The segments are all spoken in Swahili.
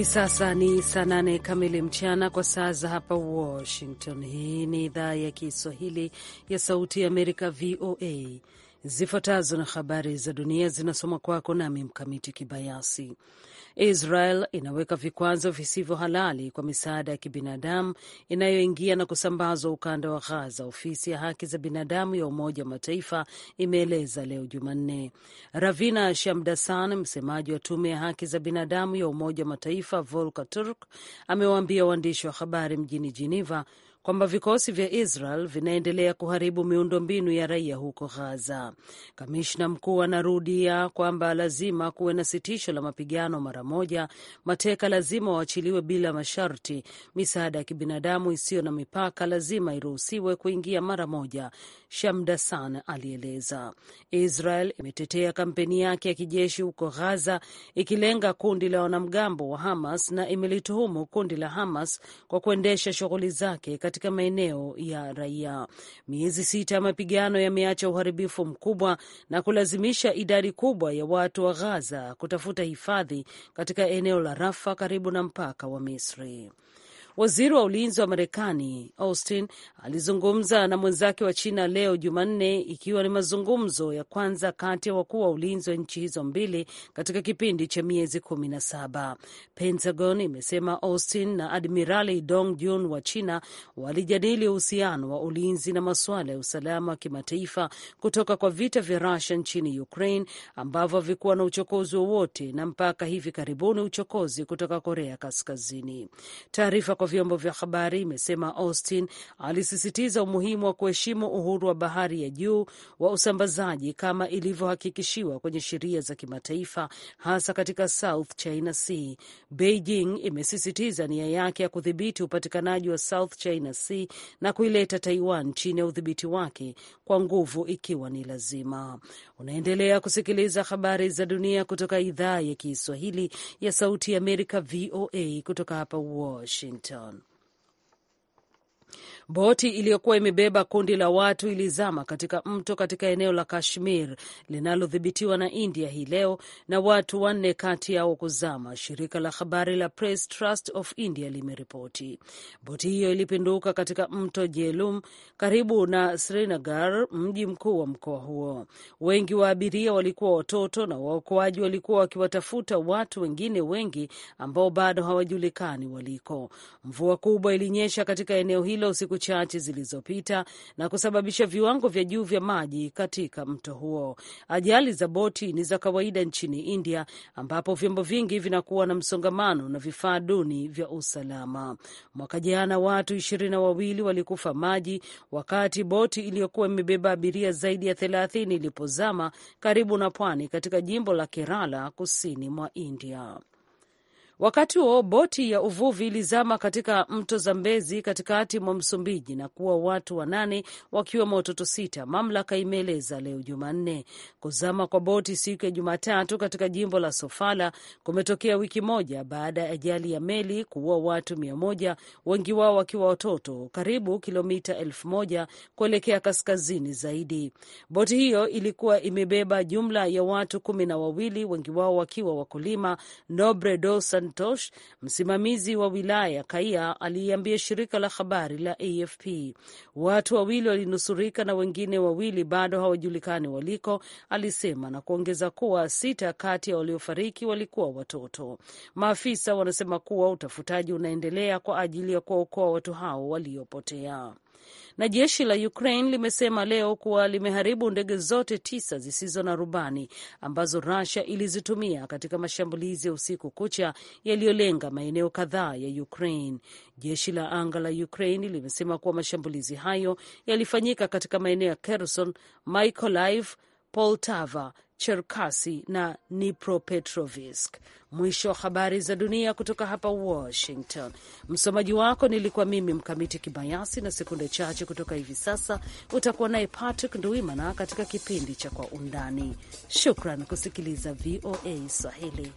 Hivi sasa ni saa nane kamili mchana kwa saa za hapa Washington. Hii ni idhaa ya Kiswahili ya Sauti ya Amerika, VOA. Zifuatazo na habari za dunia zinasoma kwako nami Mkamiti Kibayasi. Israel inaweka vikwazo visivyo halali kwa misaada ya kibinadamu inayoingia na kusambazwa ukanda wa ghaza ofisi ya haki za binadamu ya Umoja wa Mataifa imeeleza leo Jumanne. Ravina Shamdasan, msemaji wa tume ya haki za binadamu ya Umoja wa Mataifa volka Turk, amewaambia waandishi wa habari mjini jeneva kwamba vikosi vya Israel vinaendelea kuharibu miundombinu ya raia huko Gaza. Kamishna mkuu anarudia kwamba lazima kuwe na sitisho la mapigano mara moja, mateka lazima waachiliwe bila masharti, misaada ya kibinadamu isiyo na mipaka lazima iruhusiwe kuingia mara moja, Shamdasan alieleza. Israel imetetea kampeni yake ya kijeshi huko Gaza, ikilenga kundi la wanamgambo wa Hamas na imelituhumu kundi la Hamas kwa kuendesha shughuli zake katika maeneo ya raia. Miezi sita ya mapigano yameacha uharibifu mkubwa na kulazimisha idadi kubwa ya watu wa Gaza kutafuta hifadhi katika eneo la Rafa karibu na mpaka wa Misri. Waziri wa ulinzi wa Marekani Austin alizungumza na mwenzake wa China leo Jumanne, ikiwa ni mazungumzo ya kwanza kati ya wakuu wa ulinzi wa nchi hizo mbili katika kipindi cha miezi kumi na saba. Pentagon imesema Austin na Admirali Dong Jun wa China walijadili uhusiano wa ulinzi na masuala ya usalama wa kimataifa kutoka kwa vita vya Rusia nchini Ukraine ambavyo havikuwa na uchokozi wowote na mpaka hivi karibuni uchokozi kutoka Korea Kaskazini. Taarifa kwa vyombo vya habari imesema Austin alisisitiza umuhimu wa kuheshimu uhuru wa bahari ya juu wa usambazaji kama ilivyohakikishiwa kwenye sheria za kimataifa, hasa katika South China Sea. Beijing imesisitiza nia yake ya kudhibiti upatikanaji wa South China Sea na kuileta Taiwan chini ya udhibiti wake kwa nguvu ikiwa ni lazima. Unaendelea kusikiliza habari za dunia kutoka idhaa ya Kiswahili ya Sauti ya Amerika, VOA, kutoka hapa Washington. return. Boti iliyokuwa imebeba kundi la watu ilizama katika mto katika eneo la Kashmir linalodhibitiwa na India hii leo na watu wanne kati yao kuzama, shirika la habari la Press Trust of India limeripoti. Boti hiyo ilipinduka katika mto Jhelum karibu na Srinagar, mji mkuu wa mkoa huo. Wengi wa abiria walikuwa watoto na waokoaji walikuwa wakiwatafuta watu wengine wengi ambao bado hawajulikani waliko. Mvua kubwa ilinyesha katika eneo hilo usiku chache zilizopita na kusababisha viwango vya juu vya maji katika mto huo. Ajali za boti ni za kawaida nchini India, ambapo vyombo vingi vinakuwa na msongamano na vifaa duni vya usalama. Mwaka jana watu ishirini na wawili walikufa maji wakati boti iliyokuwa imebeba abiria zaidi ya thelathini ilipozama karibu na pwani katika jimbo la Kerala kusini mwa India. Wakati huo boti ya uvuvi ilizama katika mto Zambezi katikati mwa Msumbiji na kuwa watu wanane wakiwemo watoto sita, mamlaka imeeleza leo Jumanne. Kuzama kwa boti siku ya Jumatatu katika jimbo la Sofala kumetokea wiki moja baada ya ajali ya meli kuua watu mia moja, wengi wao wakiwa watoto, karibu kilomita elfu moja kuelekea kaskazini zaidi. Boti hiyo ilikuwa imebeba jumla ya watu kumi na wawili, wengi wao wakiwa wakulima. Nobre dos Santosh, msimamizi wa wilaya Kaia, aliiambia shirika la habari la AFP. Watu wawili walinusurika na wengine wawili bado hawajulikani waliko, alisema na kuongeza kuwa sita kati ya waliofariki walikuwa watoto. Maafisa wanasema kuwa utafutaji unaendelea kwa ajili ya kuwaokoa watu hao waliopotea. Na jeshi la Ukraine limesema leo kuwa limeharibu ndege zote tisa zisizo na rubani ambazo Russia ilizitumia katika mashambulizi ya usiku kucha yaliyolenga maeneo kadhaa ya Ukraine. Jeshi la anga la Ukraine limesema kuwa mashambulizi hayo yalifanyika katika maeneo ya Kherson, Mykolaiv, Poltava, Cherkasi na nipropetrovisk Mwisho wa habari za dunia kutoka hapa Washington. Msomaji wako nilikuwa mimi Mkamiti Kibayasi, na sekunde chache kutoka hivi sasa utakuwa naye Patrick Nduimana katika kipindi cha Kwa Undani. Shukran kusikiliza VOA Swahili.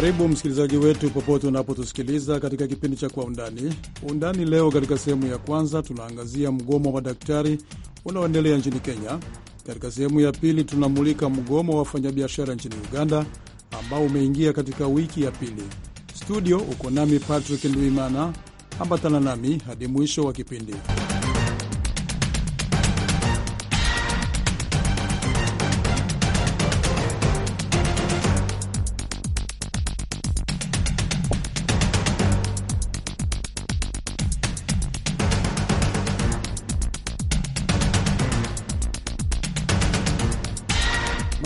Karibu msikilizaji wetu popote unapotusikiliza katika kipindi cha Kwa Undani. Undani leo, katika sehemu ya kwanza tunaangazia mgomo wa madaktari unaoendelea nchini Kenya. Katika sehemu ya pili tunamulika mgomo wa wafanyabiashara nchini Uganda ambao umeingia katika wiki ya pili. Studio uko nami Patrick Ndwimana, ambatana nami hadi mwisho wa kipindi.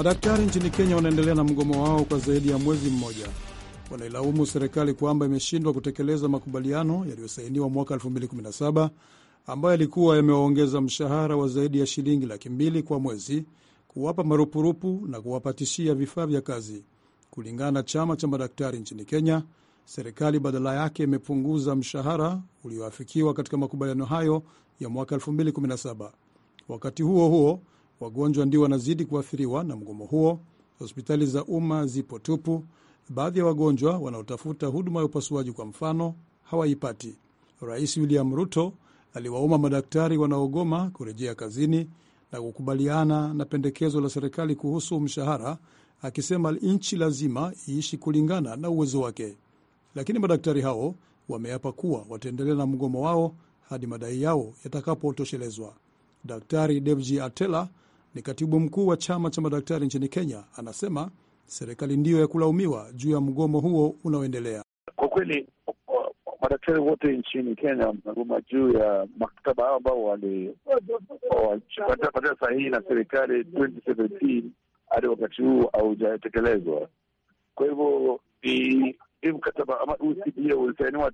Madaktari nchini Kenya wanaendelea na mgomo wao kwa zaidi ya mwezi mmoja. Wanailaumu serikali kwamba imeshindwa kutekeleza makubaliano yaliyosainiwa mwaka 2017 ambayo yalikuwa yamewaongeza mshahara wa zaidi ya shilingi laki mbili kwa mwezi, kuwapa marupurupu na kuwapatishia vifaa vya kazi. Kulingana na chama cha madaktari nchini Kenya, serikali badala yake imepunguza mshahara ulioafikiwa katika makubaliano hayo ya mwaka 2017. Wakati huo huo, Wagonjwa ndio wanazidi kuathiriwa na mgomo huo. Hospitali za umma zipo tupu. Baadhi ya wagonjwa wanaotafuta huduma ya upasuaji kwa mfano hawaipati. Rais William Ruto aliwaomba madaktari wanaogoma kurejea kazini na kukubaliana na pendekezo la serikali kuhusu mshahara, akisema nchi lazima iishi kulingana na uwezo wake. Lakini madaktari hao wameapa kuwa wataendelea na mgomo wao hadi madai yao yatakapotoshelezwa. Daktari Devji Atela ni katibu mkuu wa chama cha madaktari nchini Kenya, anasema serikali ndiyo ya kulaumiwa juu ya mgomo huo unaoendelea. Kwa kweli madaktari wote nchini Kenya wamegoma juu ya maktaba hao ambao walipatia sahihi na serikali 2017 hadi wakati huu haujatekelezwa. Kwa hivyo hii mkataba ama ulisainiwa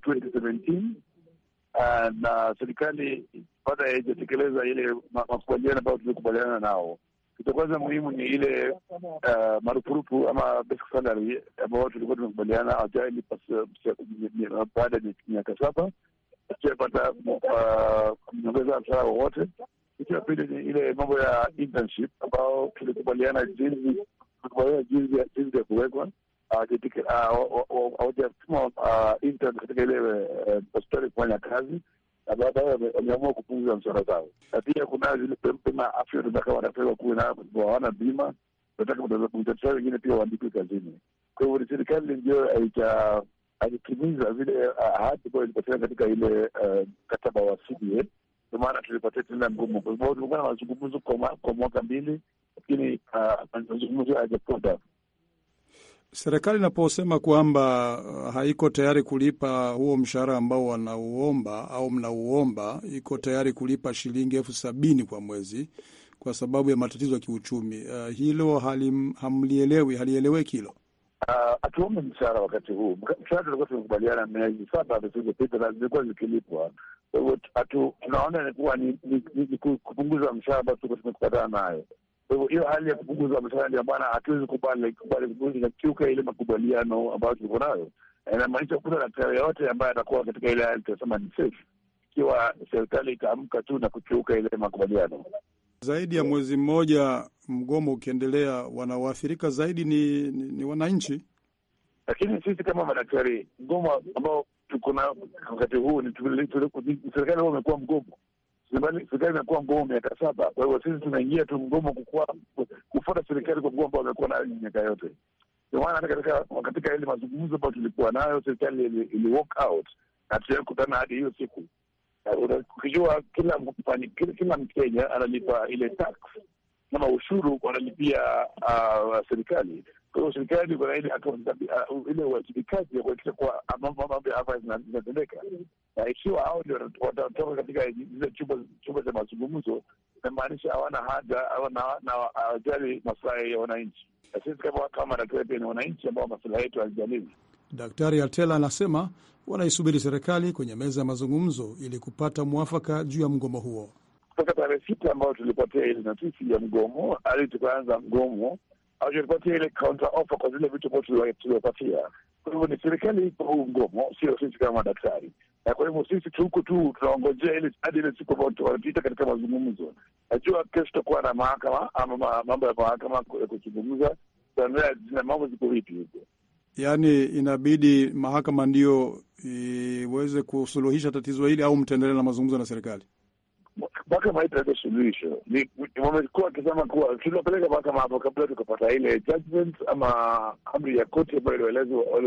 Ah, na serikali baada haijatekeleza ile makubaliano ambayo tulikubaliana nao. Kitu kwanza muhimu ni ile uh, marupurupu ama basic salary ambayo tulikuwa tumekubaliana hawajalipa baada ya miaka saba, hatujapata ah, nyongeza mshahara wowote. Kitu ya pili ni ile mambo ya internship ambao tulikubaliana jinsi ya kuwekwa Ah, hawajasukuma ah, internet katika ile eh, hospitali kufanya kazi, na baadaye wameamua kupunguza mshahara zao, na pia kuna zile bima afya, tunataka wadaktari wakuwe na hawana bima, tunataka wengine pia waandikwe kazini. Kwa hivyo ni serikali ndio haija alitimiza ahadi ambayo ilipatikana katika ile eh, mkataba wa CBA. Ndio maana tulipatia tena mgomo, kwa sababu tulikuwa na mazungumzo kwa mwaka mbili, lakini ah, mazungumzo hayajakwenda serikali inaposema kwamba uh, haiko tayari kulipa huo mshahara ambao wanauomba au mnauomba, iko tayari kulipa shilingi elfu sabini kwa mwezi kwa sababu ya matatizo ya kiuchumi, uh, hilo halim, hamlielewi halieleweki hilo. Uh, hatuombi uh, mshahara wakati huu. Mshahara tulikuwa tumekubaliana miezi saba zilizopita na zimekuwa zikilipwa. Kwa hivyo tunaona kuwa ni kupunguza mshahara ambao tulikuwa tumekubaliana nayo. Kwa hivyo hiyo hali ya kupunguza mishahara ndio bwana hatuwezi kubali, inakiuka ile makubaliano ambayo tulikuwa nayo. Eh, inamaanisha kuna daktari yoyote ambaye atakuwa katika ile hali tunasema ni safe, ikiwa serikali itaamka tu na kukiuka ile makubaliano. Zaidi ya mwezi mmoja mgomo ukiendelea, wanaoathirika zaidi ni, ni, ni wananchi. Lakini sisi kama madaktari, mgomo ambao tuko na wakati huu, serikali huo amekuwa mgomo serikali inakuwa mgomo miaka saba. Kwa hiyo sisi tunaingia tu mgomo kufuata serikali kwa mgomo ambao wamekuwa nayo miaka yote. Ndio maana katika katika ile mazungumzo ambayo tulikuwa nayo, serikali ili walk out, hatujawahi hadi hiyo siku. Ukijua kila kila Mkenya analipa ile tax ama ushuru wanalipia uh, serikali kwa hiyo serikali kuna ile ah, ile uwajibikaji ya kuhakikisha kuwa mambo ya hapa zinatendeka, na ikiwa hao ndio watatoka katika zile chumba cha mazungumzo, inamaanisha hawana haja na hawajali maslahi ya wananchi, na sisi kama kama madaktari pia ni wananchi ambao maslahi yetu hazijaliwi. Daktari Altela anasema wanaisubiri serikali kwenye meza ya mazungumzo ili kupata mwafaka juu ya mgomo huo. Kutoka tarehe sita ambayo tulipatia ile notisi ya mgomo hadi tukaanza mgomo hawajatupatia ile counter offer kwa zile vitu ambao tuliwapatia. Kwa hivyo ni serikali iko huu mgomo, sio sisi kama madaktari, na kwa hivyo sisi tuko tu tunaongojea hadi ile siku ambao wanatuita katika mazungumzo. Najua kesho tutakuwa na mahakama ama mambo ya mahakama ya kuzungumza, na mambo ziko vipi huko Yaani inabidi mahakama ndiyo iweze kusuluhisha tatizo hili au mtaendelea na mazungumzo na serikali? mahakama haitaleta suluhisho. Wamekuwa wakisema kuwa tunapeleka mahakama hapo kabla tukapata ile judgment ama amri ya koti ambayo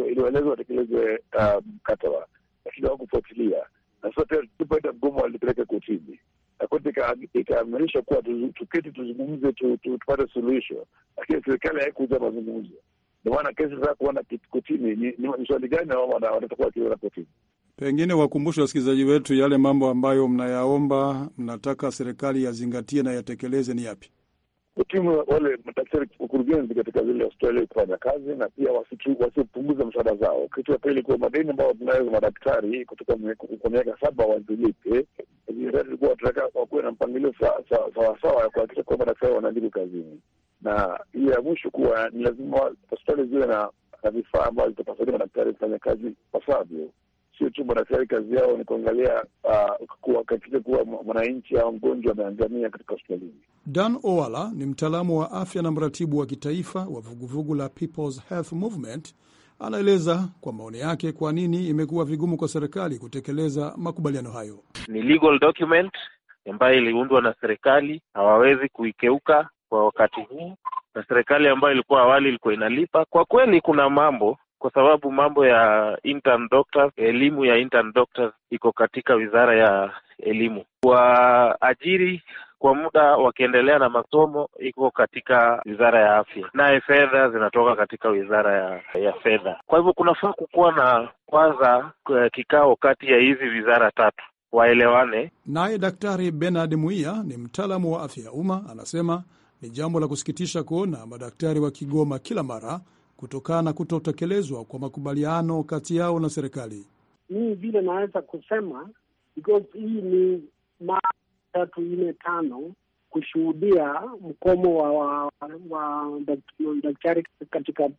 iliwaelezwa watekelezwe um, mkataba, lakini hawakufuatilia na sasa tupoenda mgomo, walipeleka kotini na koti ikaamirisha kuwa tuketi tuzungumze, tupate suluhisho, lakini serikali haikuja mazungumzo. Ndio maana kesi za kuona kotini ni swali gani wao wanatakuwa wakiona kotini. Pengine wakumbushe wasikilizaji wetu yale mambo ambayo mnayaomba, mnataka serikali yazingatie na yatekeleze ni yapi? Kutimu wale madaktari ukurugenzi katika zile hospitali kufanya kazi, na pia wasipunguze msaada zao. Kitu ya pili, kuwa madeni ambayo tunayo madaktari kutoka kwa miaka saba wazilipe. Kuwa tunataka wakuwe na mpangilio sawasawa ya kuhakikisha kuwa madaktari wanaajiri kazini, na hiyo ya mwisho kuwa ni lazima hospitali ziwe na vifaa ambayo vitapasaidia madaktari kufanya kazi pasavyo sio tu madaktari kazi yao ni kuangalia uh, katika kuwa mwananchi au mgonjwa ameangamia katika hospitalini. Dan Owala ni mtaalamu wa afya na mratibu wa kitaifa wa vuguvugu la People's Health Movement. Anaeleza kwa maoni yake kwa nini imekuwa vigumu kwa serikali kutekeleza makubaliano hayo. Ni legal document ambayo iliundwa na serikali, hawawezi kuikeuka kwa wakati huu, na serikali ambayo ilikuwa awali ilikuwa inalipa. Kwa kweli, kuna mambo kwa sababu mambo ya intern doctors, elimu ya intern doctors iko katika wizara ya elimu. Waajiri kwa muda wakiendelea na masomo iko katika wizara ya afya, naye fedha zinatoka katika wizara ya, ya fedha. Kwa hivyo kunafaa kukuwa na kwanza eh, kikao kati ya hizi wizara tatu waelewane. Naye Daktari Bernard Muia ni mtaalamu wa afya ya umma, anasema ni jambo la kusikitisha kuona madaktari wa Kigoma kila mara kutokana na kutotekelezwa kwa makubaliano kati yao na serikali. Mii vile naweza kusema because hii ni mara tatu nne tano kushuhudia mkomo wa, wa, wa daktari katika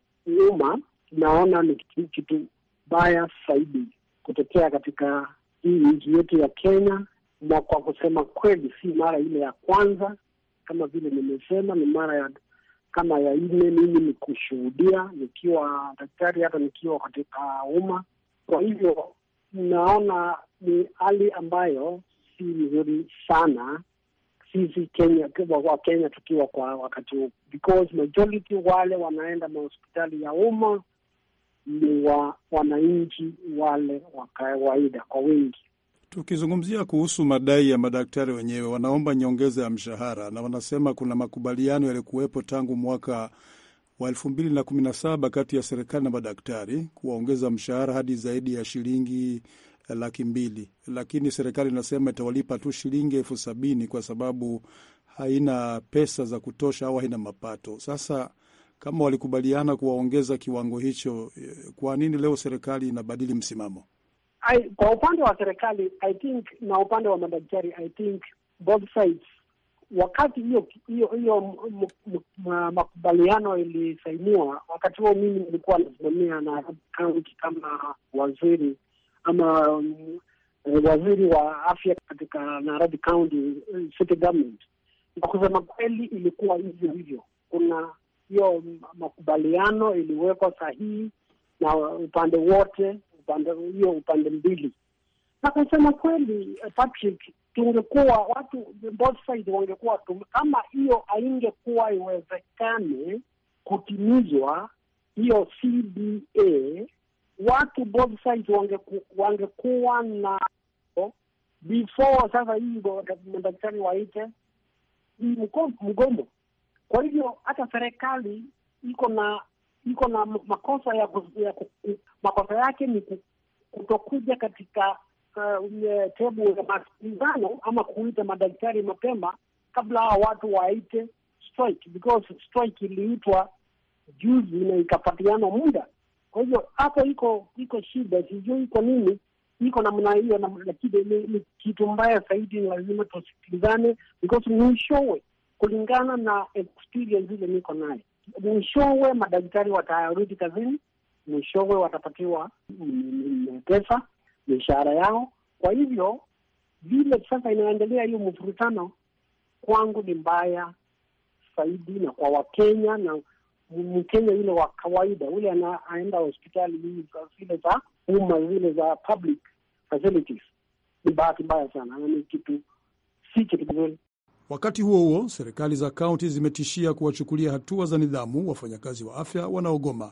umma. Naona ni kitu baya zaidi kutokea katika hii nchi yetu ya Kenya, na kwa kusema kweli, si mara ile ya kwanza. Kama vile nimesema, ni mara ya kama ya nne mimi ni kushuhudia nikiwa daktari, hata nikiwa katika umma. Kwa hivyo naona ni hali ambayo si nzuri sana sisi Kenya, wa Kenya tukiwa kwa wakati huu, because majority wale wanaenda mahospitali ya umma ni wa wananchi wale wa kawaida kwa wingi. Tukizungumzia kuhusu madai ya madaktari wenyewe, wanaomba nyongeza ya mshahara na wanasema kuna makubaliano yaliyokuwepo tangu mwaka wa saba kati ya serikali na madaktari kuwaongeza mshahara hadi zaidi ya shilingi eh, laki mbili, lakini serikali inasema itawalipa tu shilingi elfu sabini kwa sababu haina pesa za kutosha au haina mapato. Sasa kama walikubaliana kuwaongeza kiwango hicho, eh, kwa nini leo serikali inabadili msimamo? I, kwa upande wa serikali I think na upande wa madaktari I think both sides, wakati hiyo hiyo makubaliano ilisainiwa, wakati huo mimi nilikuwa nasimamia na kaunti kama waziri ama um, waziri wa afya katika Nairobi County eh, city government, na kusema kweli ilikuwa hivyo hivyo. Kuna hiyo makubaliano iliwekwa sahihi na upande wote upande hiyo upande mbili. Na kusema kweli, eh, Patrick, tungekuwa watu both side wangekuwa kama hiyo haingekuwa iwezekane kutimizwa hiyo CBA, watu both wangeku, wangekuwa na before sasa hii madaktari waite hii mgomo. Kwa hivyo hata serikali iko na iko na makosa ya, ya makosa yake ni kutokuja katika uh, tebu ya masikilizano ama kuita madaktari mapema kabla hawa watu waite strike, because strike iliitwa juzi na ikapatiana muda. Kwa hivyo hapo iko iko shida, sijui iko nini, iko namna hiyo, lakini ni kitu mbaya zaidi. Lazima tusikilizane because mwishowe, kulingana na experience ile niko nayo mwishowe madaktari watarudi kazini, mwishowe watapatiwa pesa, mishahara yao. Kwa hivyo vile sasa inaendelea hiyo mvurutano, kwangu ni mbaya zaidi, na kwa Wakenya na Mkenya yule wa kawaida ule anaenda hospitali zile za umma zile za public facilities, ni bahati mbaya sana, ni kitu si kitu kizuri. Wakati huo huo, serikali za kaunti zimetishia kuwachukulia hatua za nidhamu wafanyakazi wa afya wanaogoma.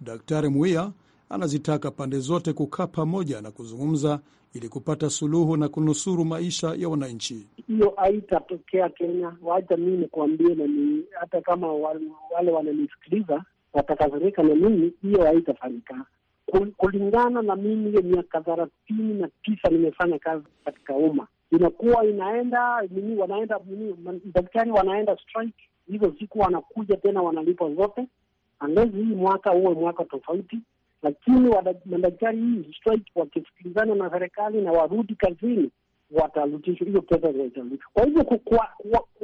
Daktari Mwia anazitaka pande zote kukaa pamoja na kuzungumza ili kupata suluhu na kunusuru maisha ya wananchi. Hiyo haitatokea Kenya. Wacha mii nikuambie, ni hata kama wale wananisikiliza watakasirika na mimi, hiyo haitafanyika kulingana na mimi. Hiyo miaka thelathini na tisa nimefanya kazi katika umma inakuwa inaenda nini, wanaenda nini, daktari wanaenda strike, hizo siku wanakuja tena wanalipwa zote, angezi hii mwaka huwe mwaka tofauti. Lakini madaktari hii strike wakisikilizana na serikali na warudi kazini, watarudishwa hizo pesa zitarudishwa. Kwa hivyo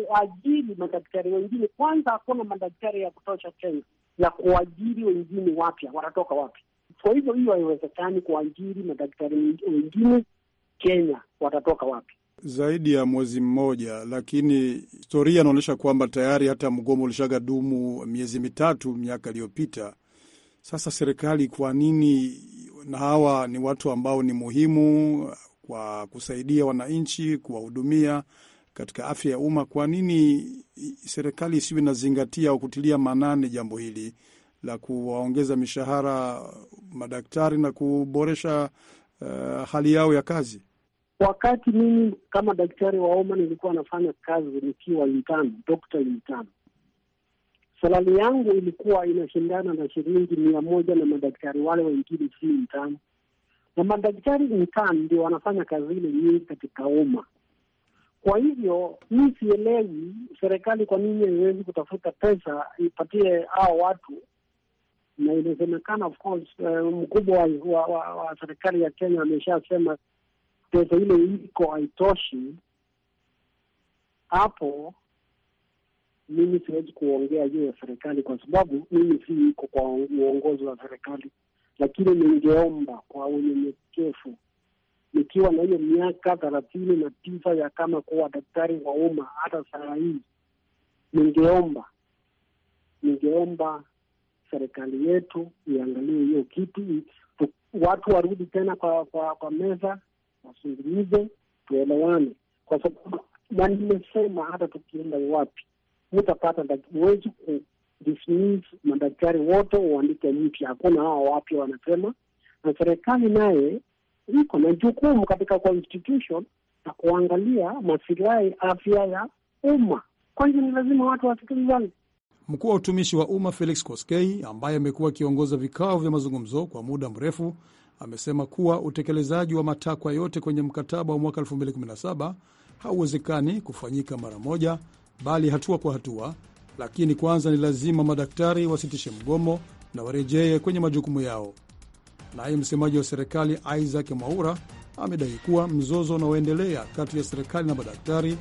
kuajiri madaktari wengine, kwanza hakuna madaktari ya kutosha Kenya ya kuajiri wengine wapya, watatoka wapi? Kwa hivyo hiyo haiwezekani kuajiri madaktari wengine Kenya, watatoka wapi? zaidi ya mwezi mmoja, lakini historia inaonyesha kwamba tayari hata mgomo ulishaga dumu miezi mitatu miaka iliyopita. Sasa serikali kwa nini, na hawa ni watu ambao ni muhimu kwa kusaidia wananchi, kuwahudumia katika afya ya umma, kwa nini serikali isiwe inazingatia au kutilia maanani jambo hili la kuwaongeza mishahara madaktari na kuboresha uh, hali yao ya kazi? Wakati mimi kama daktari wa umma nilikuwa nafanya kazi nikiwa intern, dokta intern, salari yangu ilikuwa inashindana na shilingi mia moja na madaktari wale wengine si intern, na madaktari intern ndio wanafanya kazi ile nyingi katika umma. Kwa hivyo mi sielewi serikali kwa nini haiwezi kutafuta pesa ipatie hao watu, na inasemekana of course, uh, mkubwa wa, wa, wa, wa serikali ya Kenya ameshasema pesa ile iko haitoshi, hapo mimi siwezi kuongea juu ya serikali, kwa sababu mimi si iko kwa uongozi wa serikali, lakini ningeomba kwa unyenyekevu, nikiwa na hiyo miaka thelathini na tisa ya kama kuwa daktari wa umma, hata saa hii ningeomba ningeomba serikali yetu iangalie hiyo kitu, watu warudi tena kwa, kwa, kwa meza wazungumze, tuelewane, kwa sababu na nimesema hata tukienda wapi mutapata, huwezi ku madaktari wote uandike mpya, hakuna hawa wapya wanasema. Na serikali naye iko na jukumu katika constitution na kuangalia masilahi afya ya umma. kwa hiyo ni lazima watu wasikilizane. Mkuu wa utumishi wa umma Felix Koskei, ambaye amekuwa akiongoza vikao vya mazungumzo kwa muda mrefu, amesema kuwa utekelezaji wa matakwa yote kwenye mkataba wa mwaka 2017 hauwezekani kufanyika mara moja, bali hatua kwa hatua, lakini kwanza ni lazima madaktari wasitishe mgomo na warejee kwenye majukumu yao. Naye msemaji wa serikali Isaac Mwaura amedai kuwa mzozo unaoendelea kati ya serikali na madaktari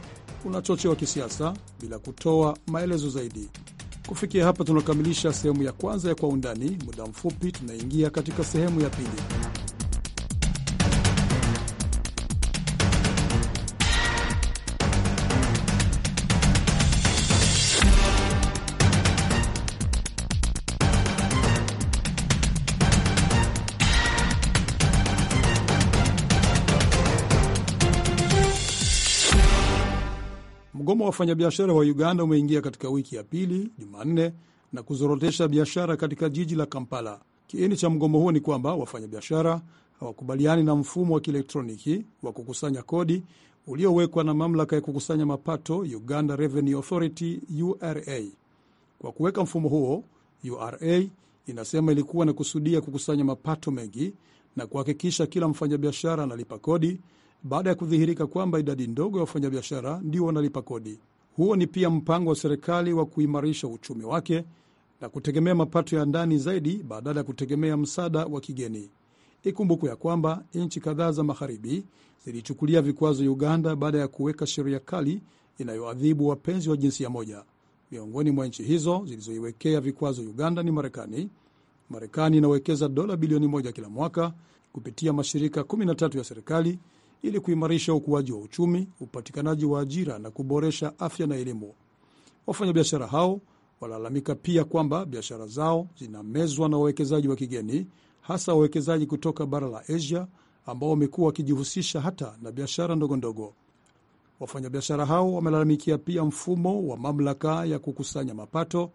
unachochewa kisiasa bila kutoa maelezo zaidi. Kufikia hapa tunakamilisha sehemu ya kwanza ya Kwa Undani. Muda mfupi tunaingia katika sehemu ya pili. wafanyabiashara wa Uganda umeingia katika wiki ya pili Jumanne na kuzorotesha biashara katika jiji la Kampala. Kiini cha mgomo huo ni kwamba wafanyabiashara hawakubaliani na mfumo wa kielektroniki wa kukusanya kodi uliowekwa na mamlaka ya kukusanya mapato Uganda Revenue Authority URA. Kwa kuweka mfumo huo, URA inasema ilikuwa na kusudia kukusanya mapato mengi na kuhakikisha kila mfanyabiashara analipa kodi baada ya kudhihirika kwamba idadi ndogo ya wafanyabiashara ndio wanalipa kodi. Huo ni pia mpango wa serikali wa kuimarisha uchumi wake na kutegemea mapato ya ndani zaidi badala ya kutegemea msaada wa kigeni. Ikumbukwe ya kwamba nchi kadhaa za magharibi zilichukulia vikwazo Uganda baada ya kuweka sheria kali inayoadhibu wapenzi wa jinsia moja. Miongoni mwa nchi hizo zilizoiwekea vikwazo Uganda ni Marekani. Marekani inawekeza dola bilioni moja kila mwaka kupitia mashirika 13 ya serikali ili kuimarisha ukuaji wa uchumi, upatikanaji wa ajira na kuboresha afya na elimu. Wafanyabiashara hao wanalalamika pia kwamba biashara zao zinamezwa na wawekezaji wa kigeni, hasa wawekezaji kutoka bara la Asia ambao wamekuwa wakijihusisha hata na biashara ndogo ndogo. Wafanyabiashara hao wamelalamikia pia mfumo wa mamlaka ya kukusanya mapato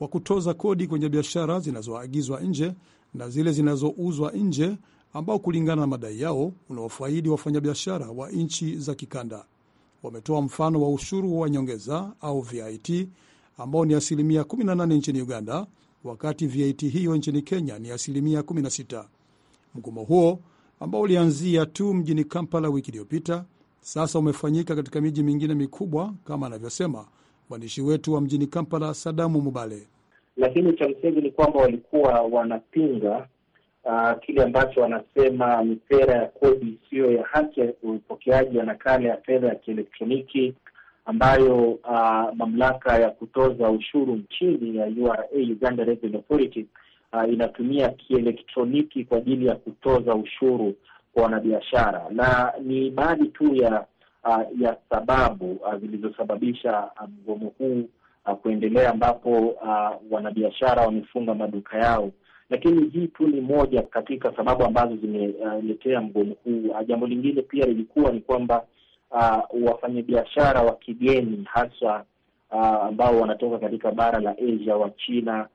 wa kutoza kodi kwenye biashara zinazoagizwa nje na zile zinazouzwa nje ambao kulingana na madai yao unawafaidi wafanyabiashara wa nchi za kikanda. Wametoa mfano wa ushuru wa nyongeza au VIT ambao ni asilimia 18 nchini Uganda, wakati VIT hiyo nchini Kenya ni asilimia 16. Mgomo huo ambao ulianzia tu mjini Kampala wiki iliyopita sasa umefanyika katika miji mingine mikubwa kama anavyosema mwandishi wetu wa mjini Kampala, Sadamu Mubale. Lakini cha msingi ni kwamba walikuwa wanapinga uh, kile ambacho wanasema ni sera ya kodi isiyo ya haki ya upokeaji wa nakala ya fedha ya kielektroniki ambayo uh, mamlaka ya kutoza ushuru nchini ya URA, Uganda Revenue Authority uh, inatumia kielektroniki kwa ajili ya kutoza ushuru kwa wanabiashara, na ni baadhi tu ya uh, ya sababu uh, zilizosababisha mgomo um, huu uh, kuendelea ambapo uh, wanabiashara wamefunga maduka yao lakini hii tu ni moja katika sababu ambazo zimeletea uh, mgomo huu. Ah, jambo lingine pia lilikuwa ni kwamba uh, wafanyabiashara wa kigeni haswa uh, ambao wanatoka katika bara la Asia wa China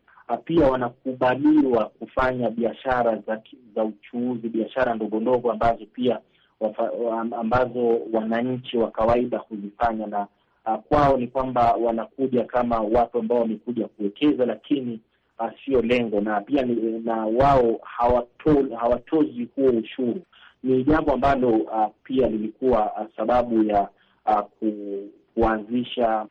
pia wanakubaliwa kufanya biashara za, za uchuuzi, biashara ndogo ndogo ambazo pia wafa, ambazo wananchi wa kawaida huzifanya, na uh, kwao ni kwamba wanakuja kama watu ambao wamekuja kuwekeza, lakini Ah, sio lengo, na pia na wao hawato, hawatozi huo ushuru. Ni jambo ambalo uh, pia lilikuwa uh, sababu ya uh, ku, kuanzisha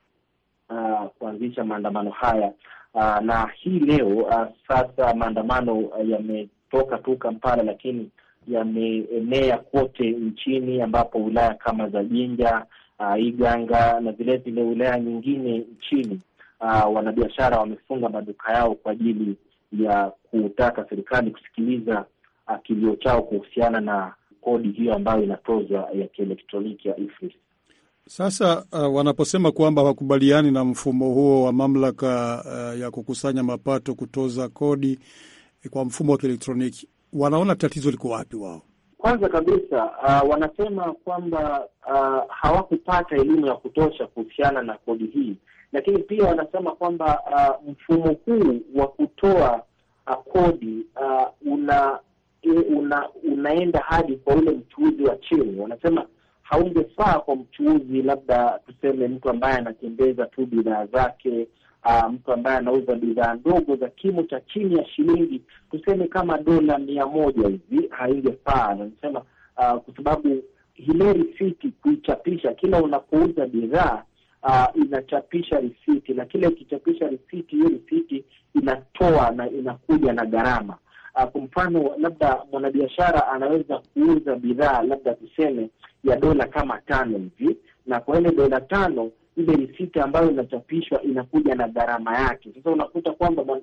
uh, kuanzisha maandamano haya uh, na hii leo uh, sasa maandamano uh, yametoka tu Kampala, lakini yameenea kote nchini ambapo wilaya kama za Jinja, uh, Iganga na vilevile wilaya nyingine nchini uh, wanabiashara wamefunga maduka yao kwa ajili ya kutaka serikali kusikiliza uh, kilio chao kuhusiana na kodi hiyo ambayo inatozwa ya kielektroniki ya IFRIS. Sasa uh, wanaposema kwamba hawakubaliani na mfumo huo wa mamlaka uh, ya kukusanya mapato kutoza kodi kwa mfumo wa kielektroniki, wanaona tatizo liko wapi wao? Kwanza kabisa uh, wanasema kwamba uh, hawakupata elimu ya kutosha kuhusiana na kodi hii, lakini pia wanasema kwamba uh, mfumo huu wa kutoa uh, kodi uh, una, una unaenda hadi kwa ule mchuuzi wa chini. Wanasema haungefaa kwa mchuuzi, labda tuseme mtu ambaye anatembeza tu bidhaa zake Uh, mtu ambaye anauza bidhaa ndogo za kimo cha chini ya shilingi tuseme kama dola mia moja hivi haingefaa, anasema, uh, kwa sababu hile risiti kuichapisha kila unapouza bidhaa uh, inachapisha risiti, na kile ikichapisha risiti, hiyo risiti inatoa na inakuja na gharama uh, kwa mfano labda mwanabiashara anaweza kuuza bidhaa labda tuseme ya dola kama tano hivi, na kwa ile dola tano ile risiti ambayo inachapishwa inakuja na gharama yake. Sasa unakuta kwamba uh,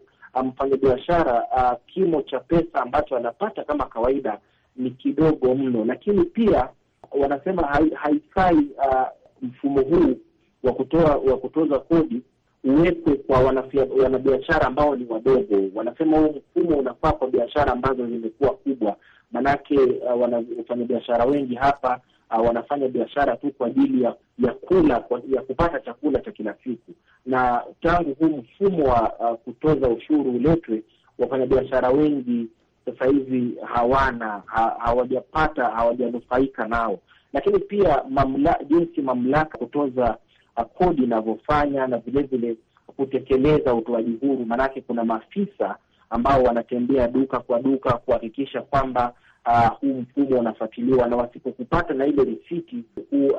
mfanyabiashara uh, kimo cha pesa ambacho anapata kama kawaida ni kidogo mno, lakini pia wanasema haifai hai uh, mfumo huu wa kutoa wa kutoza kodi uwekwe kwa wanabiashara ambao ni wadogo. Wanasema huu mfumo unafaa kwa biashara ambazo zimekuwa kubwa, manake uh, wafanyabiashara wengi hapa uh, wanafanya biashara tu kwa ajili ya, ya kula kwa, ya kupata chakula cha kila siku, na tangu huu mfumo wa uh, kutoza ushuru uletwe, wafanyabiashara wengi sasa hivi hawana ha, hawajapata hawajanufaika nao, lakini pia mamla, jinsi mamlaka kutoza kodi inavyofanya na vilevile kutekeleza utoaji huru. Maanake kuna maafisa ambao wanatembea duka kwa duka kuhakikisha kwamba Uh, huu mfumo unafuatiliwa na wasipokupata na ile risiti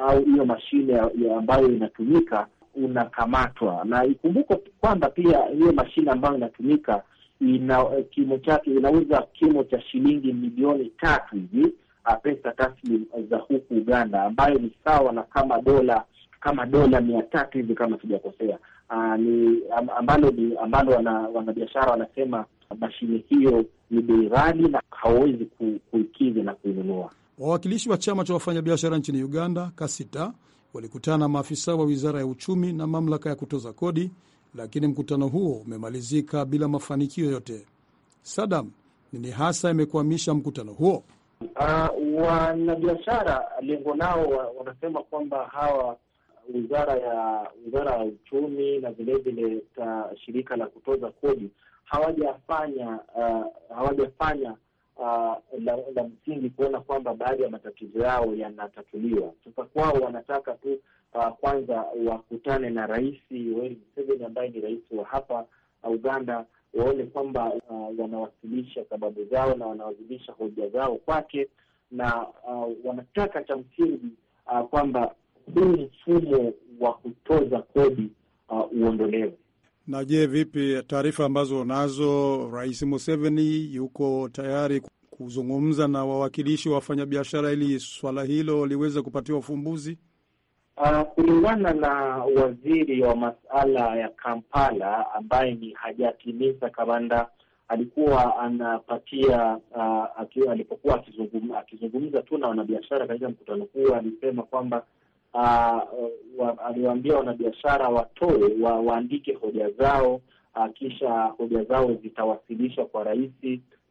au hiyo mashine ambayo inatumika unakamatwa. Na ikumbuko kwamba pia hiyo mashine ambayo inatumika ina eh, kimo chake inauza kimo cha shilingi milioni tatu hivi ah, pesa taslim za huku Uganda, ambayo ni sawa na kama dola kama dola mia tatu hivi kama sijakosea, ah, ni ambalo ni ambalo wanabiashara wana wanasema mashine hiyo ni bei ghali na hawawezi ku, kuikizi na kuinunua. Wawakilishi wa chama cha wafanyabiashara nchini Uganda Kasita walikutana na maafisa wa wizara ya uchumi na mamlaka ya kutoza kodi, lakini mkutano huo umemalizika bila mafanikio yoyote. Sadam, nini hasa imekwamisha mkutano huo? Uh, wanabiashara lengo lao wanasema kwamba hawa wizara ya wizara ya uchumi na vilevile shirika la kutoza kodi hawajafanya uh, hawajafanya uh, la, la msingi kuona kwamba baadhi ya matatizo yao yanatatuliwa. Sasa kwao wanataka tu uh, kwanza wakutane na Rais Yoweri Museveni ambaye ni rais wa hapa uh, Uganda, waone kwamba uh, wanawasilisha sababu zao na wanawasilisha hoja zao kwake, na uh, wanataka cha msingi uh, kwamba huu mfumo wa kutoza kodi uh, uondolewe. Na je, vipi taarifa ambazo unazo, Rais Museveni yuko tayari kuzungumza na wawakilishi wa wafanyabiashara ili swala hilo liweze kupatiwa ufumbuzi? Uh, kulingana na waziri wa masuala ya Kampala ambaye ni hajatimisa Kabanda alikuwa anapatia uh, aki, alipokuwa akizungumza tu na wanabiashara katika mkutano huu, alisema kwamba uh, aliwaambia wanabiashara watoe wa, waandike hoja zao uh, kisha hoja zao zitawasilishwa kwa rais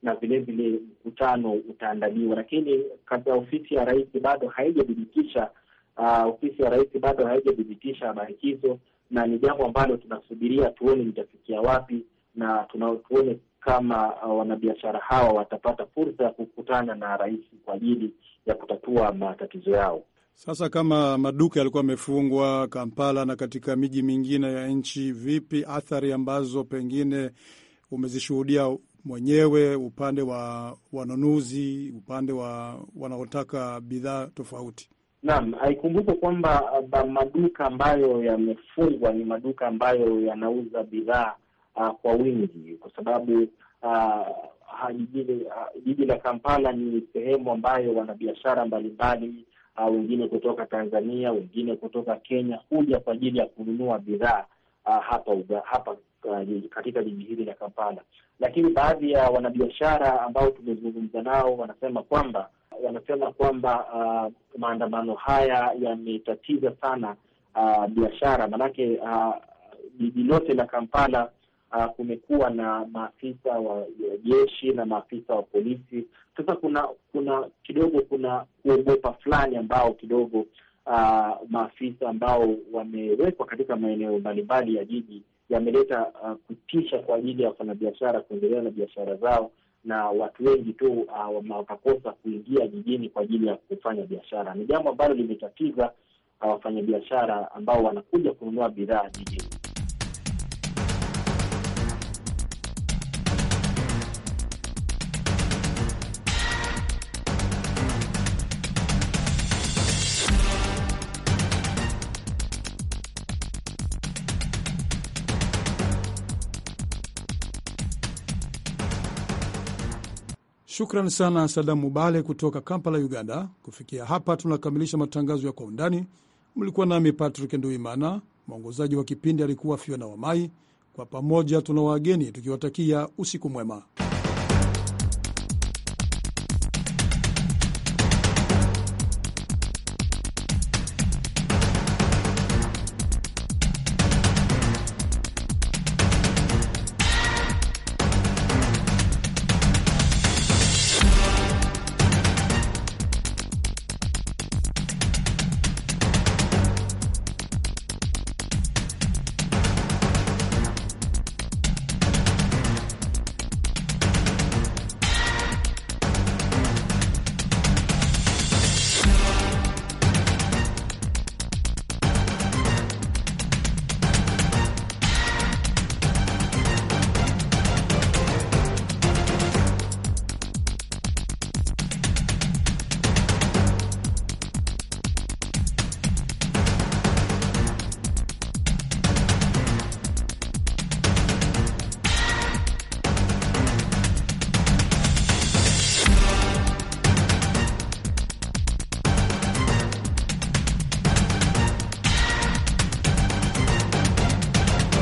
na vile vile mkutano utaandaliwa, lakini kabla ofisi ya rais bado haijadhibitisha uh, ah, ofisi ya rais bado haijadhibitisha habari hizo, na ni jambo ambalo tunasubiria tuone litafikia wapi, na tuone kama uh, wanabiashara hawa watapata fursa ya kukutana na rais kwa ajili ya kutatua matatizo yao. Sasa kama maduka yalikuwa yamefungwa Kampala na katika miji mingine ya nchi, vipi athari ambazo pengine umezishuhudia mwenyewe upande wa wanunuzi, upande wa wanaotaka bidhaa tofauti? Naam, haikumbuke kwamba maduka ambayo yamefungwa ni maduka ambayo yanauza bidhaa uh, kwa wingi kwa sababu uh, jiji la Kampala ni sehemu ambayo wanabiashara mbalimbali uh, wengine kutoka Tanzania, wengine kutoka Kenya huja kwa ajili ya kununua bidhaa uh, hapa uga, hapa uh, katika jiji hili la Kampala. Lakini baadhi ya wanabiashara ambao tumezungumza nao wanasema kwamba wanasema kwamba uh, maandamano haya yametatiza sana uh, biashara, manake jiji uh, lote la Kampala uh, kumekuwa na maafisa wa jeshi na maafisa wa polisi. Sasa kuna kuna kidogo kuna kuogopa fulani ambao kidogo uh, maafisa ambao wamewekwa katika maeneo mbalimbali ya jiji yameleta uh, kutisha kwa ajili ya wafanyabiashara kuendelea na biashara zao na watu wengi tu uh, wakakosa kuingia jijini kwa ajili ya kufanya biashara. Ni jambo ambalo limetatiza uh, wafanyabiashara ambao wanakuja kununua bidhaa jijini. Shukran sana sadamu Mubale kutoka Kampala, Uganda. Kufikia hapa tunakamilisha matangazo ya Kwa Undani. Mlikuwa nami Patrick Nduimana, mwongozaji wa kipindi alikuwa Fiona Wamai. Kwa pamoja tuna wageni tukiwatakia usiku mwema.